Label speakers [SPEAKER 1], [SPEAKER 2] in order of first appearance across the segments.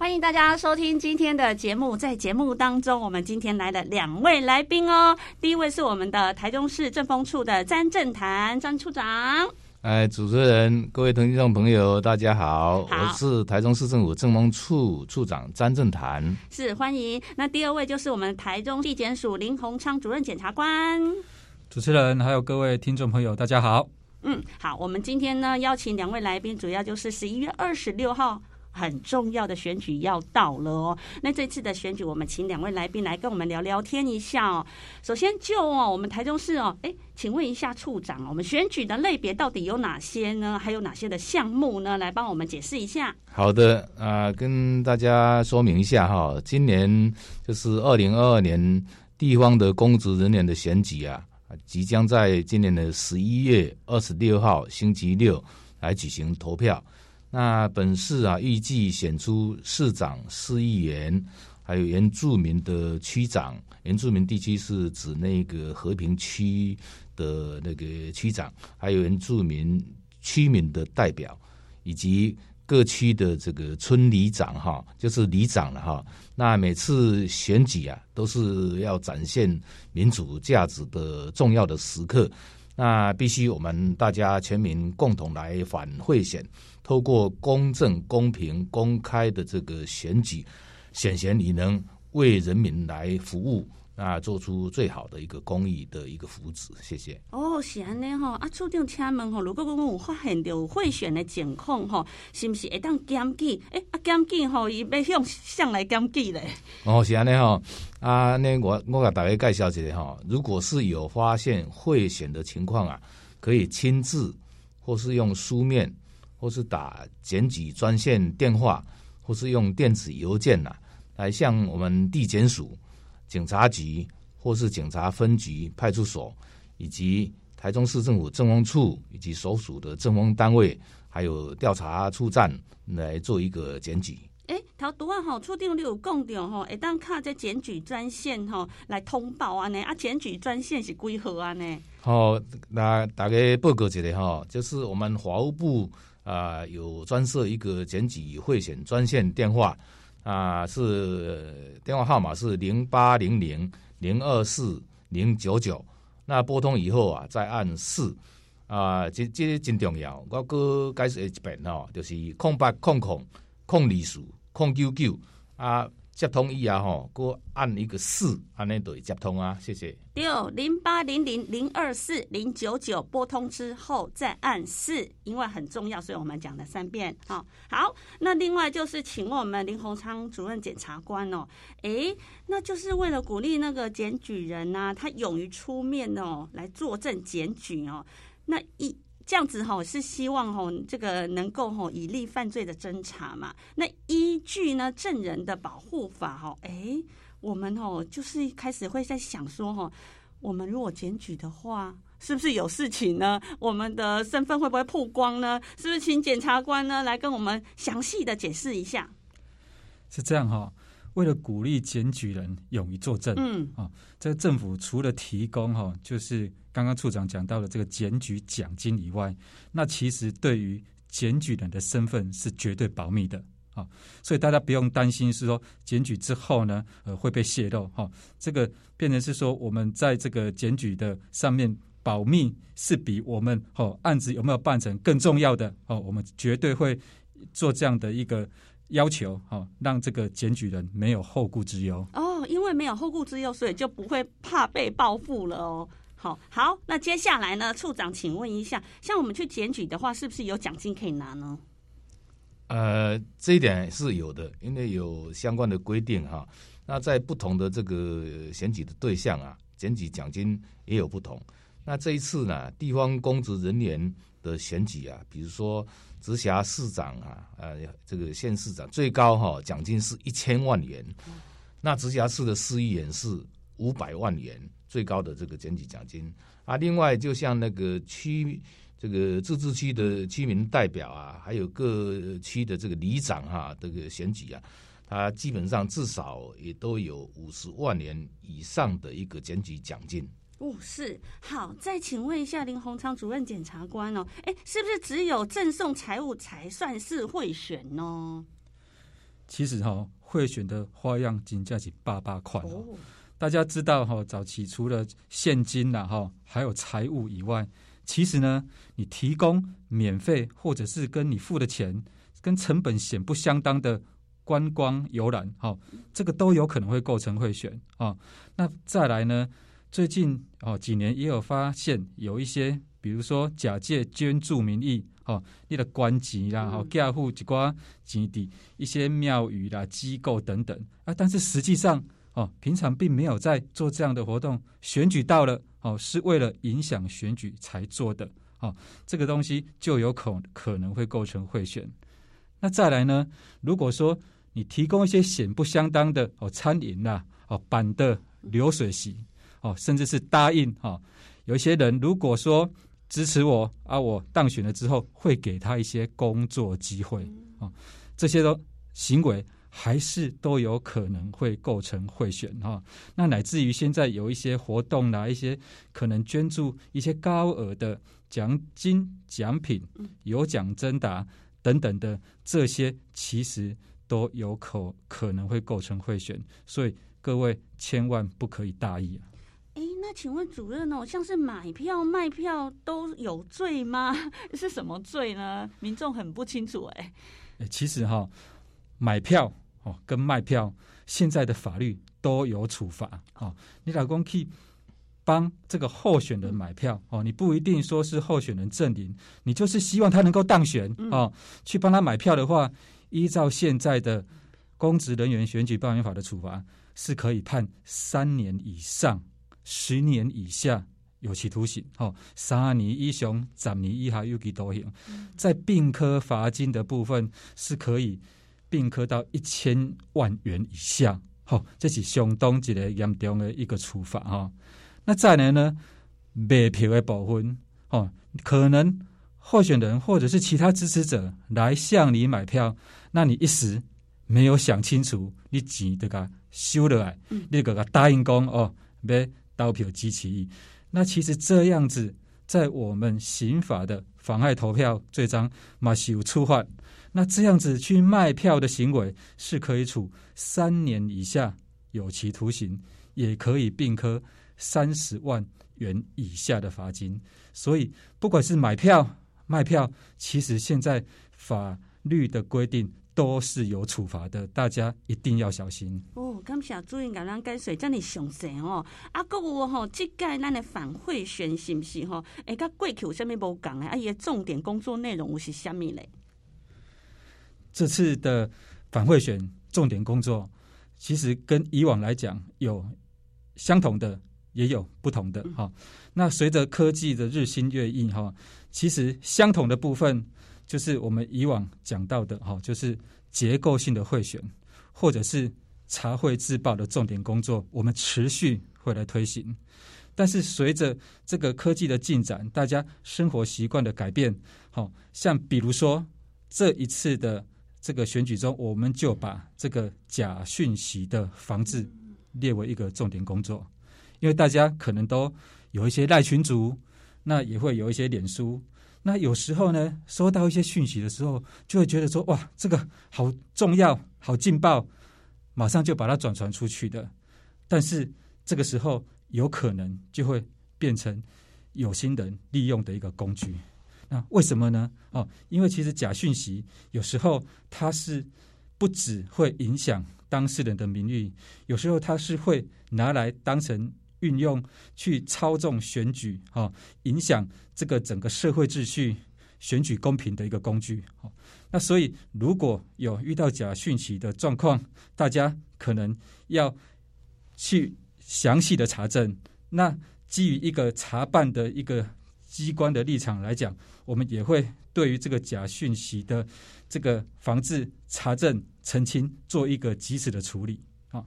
[SPEAKER 1] 歡迎大家收聽今天的節目，在節目當中，我們今天來了兩位來賓哦。第一位是我們的台中市政風處的詹政曇詹處長。
[SPEAKER 2] 哎，主持人、各位聽眾朋友，大家好，好。我是台中市政府政風處處長詹政曇。
[SPEAKER 1] 是，歡迎。那第二位就是我們台中地檢署林宏昌主任檢察官。
[SPEAKER 3] 主持人還有各位聽眾朋友，大家好。
[SPEAKER 1] 嗯，好，我們今天呢邀請兩位來賓，主要就是十一月二十六號。很重要的選舉要到了哦，那這次的選舉，我們請兩位來賓來跟我們聊聊天一下哦。首先就哦，我們台中市哦，哎、欸，請問一下處長，我們選舉的類別到底有哪些呢？還有哪些的項目呢？來幫我們解釋一下。
[SPEAKER 2] 好的，啊、呃，跟大家說明一下哈，今年就是二零二二年地方的公職人員的選舉啊，即將在今年的十一月二十六號星期六來舉行投票。那本市啊，預計選出市長、市議員，還有原住民的區長。原住民地區是指那個和平區的那個區長，還有原住民區民的代表，以及各區的這個村里長，哈，就是里長了哈。那每次選舉啊，都是要展現民主價值的重要的時刻。那必須我們大家全民共同來反賄選，透過公正、公平、公開的這個選舉，選賢與能為人民來服務。那做出最好的一個公益的一個福祉，謝謝。
[SPEAKER 1] 哦，是安尼哈啊，處長，請問哈、哦，如果我有發現有賄選的情況哈，是不是會當檢舉？哎、欸，啊，檢舉哈，伊要向向來檢舉嘞。
[SPEAKER 2] 哦，是安尼哈啊，那我我給大家介紹一下哈、哦，如果是有發現賄選的情況啊，可以親自或是用書面，或是打檢舉專線電話，或是用電子郵件吶、啊，來向我們地檢署。警察局，或是警察分局、派出所，以及台中市政府政風處以及所屬的政風單位，還有調查處站，來做一個檢舉。哎，
[SPEAKER 1] 頭多萬好，處長你有講着吼，下當卡在檢舉專線吼來通報啊呢？啊，檢舉專線是幾號啊呢？
[SPEAKER 2] 好、哦，那大家報告一下吼，就是我們法務部啊、呃，有專設一個檢舉賄選專線電話。啊，是電話號碼是零八零零零二四零九九。99, 那撥通以後啊，再按四啊，這這個真重要。我擱解釋一遍哦，就是空八空空空二四空九九啊。接通一啊吼，過按一個四，安尼對接通啊，謝謝。
[SPEAKER 1] 六零八零零零二四零九九撥通之後再按四，因為很重要，所以我們講了三遍啊。好，那另外就是請問我們林宏昌主任檢察官哦，哎，那就是為了鼓勵那個檢舉人啊，他勇於出面哦，來作證檢舉哦，那一。這樣子哈，是希望哈，這個能夠哈，以利犯罪的偵查嘛？那依據呢，證人的保護法哈，哎、欸，我們哈就是開始會在想說哈，我們如果檢舉的話，是不是有事情呢？我們的身份會不會曝光呢？是不是請檢察官呢，來跟我們詳細的解釋一下？
[SPEAKER 3] 是這樣哈、哦。為了鼓勵檢舉人勇於作證，嗯啊、哦，這個政府除了提供哈、哦，就是剛剛處長講到的這個檢舉獎金以外，那其實對於檢舉人的身份是絕對保密的啊、哦，所以大家不用擔心是說檢舉之後呢呃會被洩露哈、哦，這個變成是說我們在這個檢舉的上面保密是比我們、哦、案子有沒有辦成更重要的哦，我們絕對會做這樣的一個。要求哈、哦，讓這個檢舉人沒有後顧之憂
[SPEAKER 1] 哦，因為沒有後顧之憂，所以就不會怕被報復了哦。好好，那接下來呢，處長，請問一下，像我們去檢舉的話，是不是有獎金可以拿呢？
[SPEAKER 2] 呃，這一點是有的，因為有相關的規定哈、啊。那在不同的這個選舉的對象啊，檢舉獎金也有不同。那這一次呢、啊，地方公職人員。的選舉啊，比如說直轄市長啊，啊、呃，這個縣市長最高哈、啊、獎金是一千萬元，那直轄市的市議員是五百萬元，最高的這個檢舉獎金啊。另外，就像那個區，這個自治區的區民代表啊，還有各區的這個里長啊，這個選舉啊，他基本上至少也都有五十萬元以上的一個檢舉獎金。
[SPEAKER 1] 不、哦、是好，再請問一下林宏昌主任檢察官哦、哎、是不是只有贈送財物才算是賄選呢、哦？其
[SPEAKER 3] 實哈、哦、賄選的花樣真正是百百款、哦哦、大家知道哈、哦、早期除了現金吶、啊、哈、還有財物以外，其實呢，你提供免費或者是跟你付的錢跟成本顯不相當的觀光遊覽、哦、這個都有可能會構成賄選、哦、那再來呢？最近哦，幾年也有發現有一些，比如說假借捐助名義哦，你的官職啦、嗯、哦家戶幾寡基地、一些廟宇啦、機構等等啊，但是實際上哦，平常並沒有在做這樣的活動，選舉到了哦，是為了影響選舉才做的哦，這個東西就有可可能會構成賄選。那再來呢，如果說你提供一些顯不相當的哦，餐飲啦、啊、哦辦的流水席。哦，甚至是答應哦，有些人如果說支持我啊，我當選了之後會給他一些工作機會啊、哦，這些都行為還是都有可能會構成賄選啊、哦。那乃至於現在有一些活動啊，一些可能捐助一些高額的獎金獎品、有獎徵答等等的這些，其實都有可可能會構成賄選，所以各位千萬不可以大意、啊。
[SPEAKER 1] 那請問主任呢？像是買票、賣票都有罪嗎？是什麼罪呢？民眾很不清楚、欸。
[SPEAKER 3] 哎、欸，其實哈、哦，買票哦跟賣票，現在的法律都有處罰。哦，你老公去幫這個候選人買票、嗯、哦，你不一定說是候選人陣營，你就是希望他能夠當選、哦嗯、去幫他買票的話，依照現在的公職人員選舉罷免法的處罰，是可以判三年以上。十年以下有期徒刑，哦，三年以上、十年以下有期徒刑，在併科罰金的部分是可以併科到一千萬元以下，哦、這是相當一個嚴重的一個處罰、哦、那再來呢，賣票的部分、哦，可能候選人或者是其他支持者來向你買票，那你一時沒有想清楚，你錢就給他收了來，嗯、你就給他答應講哦，刀票及其意，那其實這樣子，在我們刑法的妨害投票罪章，嘛是有觸犯。那這樣子去賣票的行為，是可以處三年以下有期徒刑，也可以併科三十萬元以下的罰金。所以，不管是買票、賣票，其實現在法律的規定。都是有處罰的，大家一定要小心
[SPEAKER 1] 哦。剛想注意，剛剛誰叫你上神哦，哦我是是？啊，各位吼，即屆咱的反賄選是唔是哈？哎，甲過去有什麼無共的？啊，伊個重點工作內容是蝦米嘞？嗯、
[SPEAKER 3] 這次的反賄選重點工作，其實跟以往來講有相同的，也有不同的。哈、嗯，那隨着科技的日新月異，哈，其實相同的部分。就是我們以往講到的，哈，就是結構性的賄選，或者是查賄自爆的重點工作，我們持續會來推行。但是隨着這個科技的進展，大家生活習慣的改變，好，像比如說，這一次的這個選舉中，我們就把這個假訊息的防治列為一個重點工作，因為大家可能都有一些賴群組，那也會有一些臉書。那有時候呢，收到一些訊息的時候，就會覺得說哇，這個好重要、好勁爆，馬上就把它轉傳出去的。但是這個時候，有可能就會變成有心人利用的一個工具。那為什麼呢？哦，因為其實假訊息有時候它是不止會影響當事人的名譽，有時候它是會拿來當成，運用去操縱選舉，哈，影響這個整個社會秩序、選舉公平的一個工具，那所以，如果有遇到假訊息的狀況，大家可能要去詳細的查證。那基於一個查辦的一個機關的立場來講，我們也會對於這個假訊息的這個防治、查證、澄清，做一個及時的處理，啊。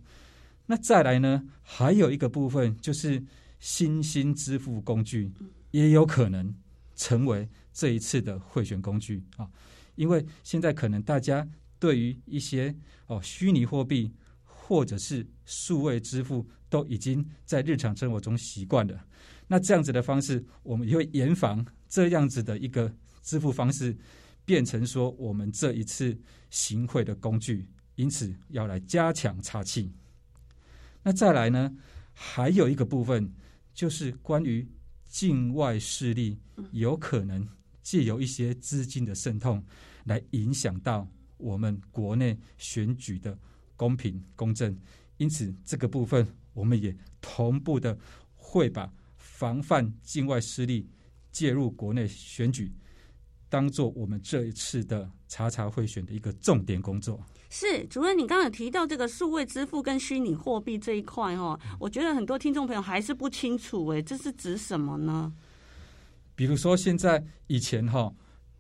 [SPEAKER 3] 那再來呢，還有一個部分，就是新興支付工具也有可能成為這一次的賄選工具啊。因為現在可能大家對於一些哦虛擬貨幣或者是數位支付都已經在日常生活中習慣了，那這樣子的方式，我們也會嚴防這樣子的一個支付方式變成說我們這一次行賄的工具，因此要來加強查清。那再來呢，還有一個部分，就是關於境外勢力有可能借由一些資金的滲透，來影響到我們國內選舉的公平公正。因此，這個部分我們也同步的會把防範境外勢力介入國內選舉，當做我們這一次的查查賄選的一個重點工作。
[SPEAKER 1] 是，主任，你剛才提到這個數位支付跟虛擬貨幣這一塊哦，我覺得很多聽眾朋友還是不清楚哎，這是指什麼呢？
[SPEAKER 3] 比如說現在以前哈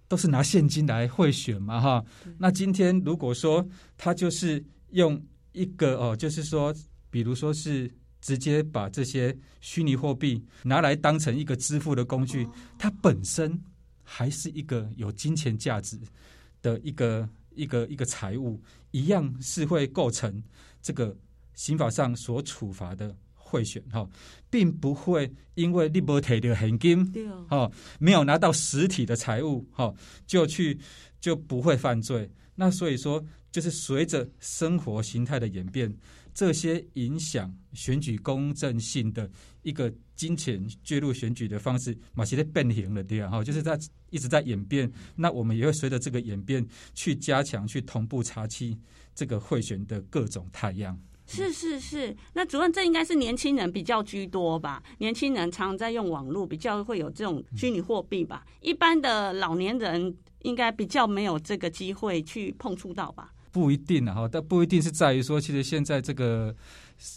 [SPEAKER 3] 都是拿現金來賄選嘛，哈，那今天如果說他就是用一個哦，就是說，比如說是直接把這些虛擬貨幣拿來當成一個支付的工具，它本身還是一個有金錢價值的一個。一個一個財物一樣是會構成這個刑法上所處罰的賄選哈，並不會因為你沒有拿到現金，哦，哈，沒有拿到實體的財物哈，就去就不會犯罪。那所以說，就是隨着生活形態的演變，這些影響選舉公正性的一個金錢介入選舉的方式，其實變形了，對啊哈，就是在一直在演變。那我們也會隨着這個演變去加強、去同步查緝這個賄選的各種態樣。
[SPEAKER 1] 是是是，那主任，這應該是年輕人比較居多吧？年輕人常常在用網絡，比較會有這種虛擬貨幣吧？嗯，一般的老年人應該比較沒有這個機會去碰觸到吧？
[SPEAKER 3] 不一定啊，哈，但不一定是在於說，其實現在這個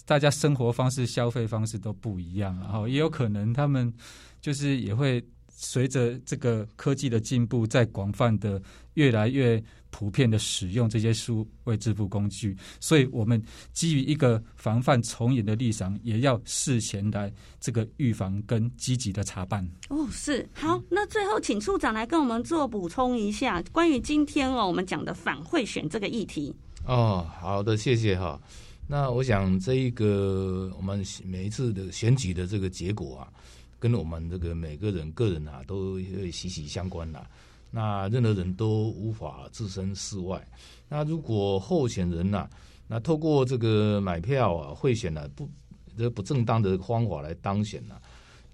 [SPEAKER 3] 大家生活方式、消費方式都不一樣啊，然後也有可能他們就是也會隨着這個科技的進步，在廣泛的越來越。普遍的使用這些書為支付工具，所以我們基於一個防範重演的立場，也要事前來這個預防跟積極的查辦。
[SPEAKER 1] 哦，是好，那最後請處長來跟我們做補充一下關於今天哦我們講的反賄選這個議題。
[SPEAKER 2] 哦，好的，謝謝哈。那我想這一個我們每一次的選舉的這個結果啊，跟我們這個每個人個人啊都會息息相關啦、啊。那任何人都無法置身事外。那如果候選人吶、啊，那透過這個買票啊、賄選了不這不正當的方法來當選呢、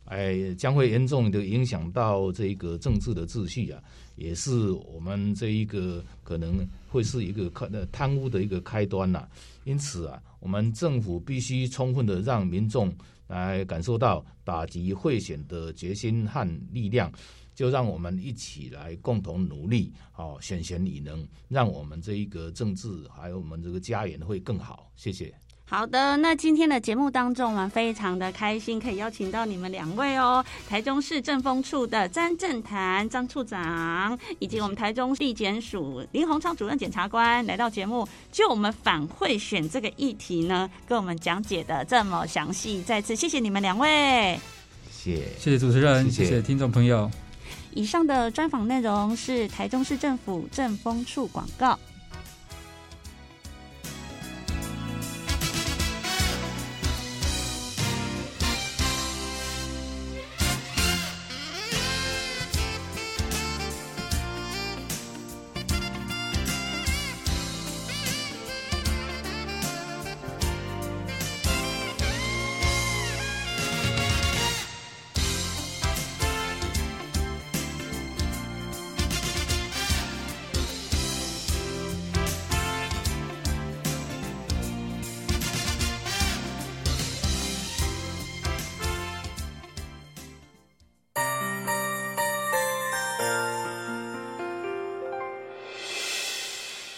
[SPEAKER 2] 啊，哎，將會嚴重的影響到這個政治的秩序啊，也是我們這一個可能會是一個貪污的一個開端吶、啊。因此啊，我們政府必須充分的讓民眾。來感受到打擊賄選的決心和力量，就讓我們一起來共同努力，哦，選賢與能，讓我們這一個政治還有我們這個家園會更好。謝謝。
[SPEAKER 1] 好的，那今天的節目當中，我們非常的開心，可以邀請到你們兩位哦，台中市政風處的詹政曇詹處長，以及我們台中地檢署林宏昌主任檢察官來到節目，就我們反賄選這個議題呢，跟我們講解的這麼詳細，再次謝謝你們兩位，
[SPEAKER 3] 謝謝謝謝主持人，謝謝聽眾朋友。謝
[SPEAKER 1] 謝以上的專訪內容是台中市政府政風處廣告。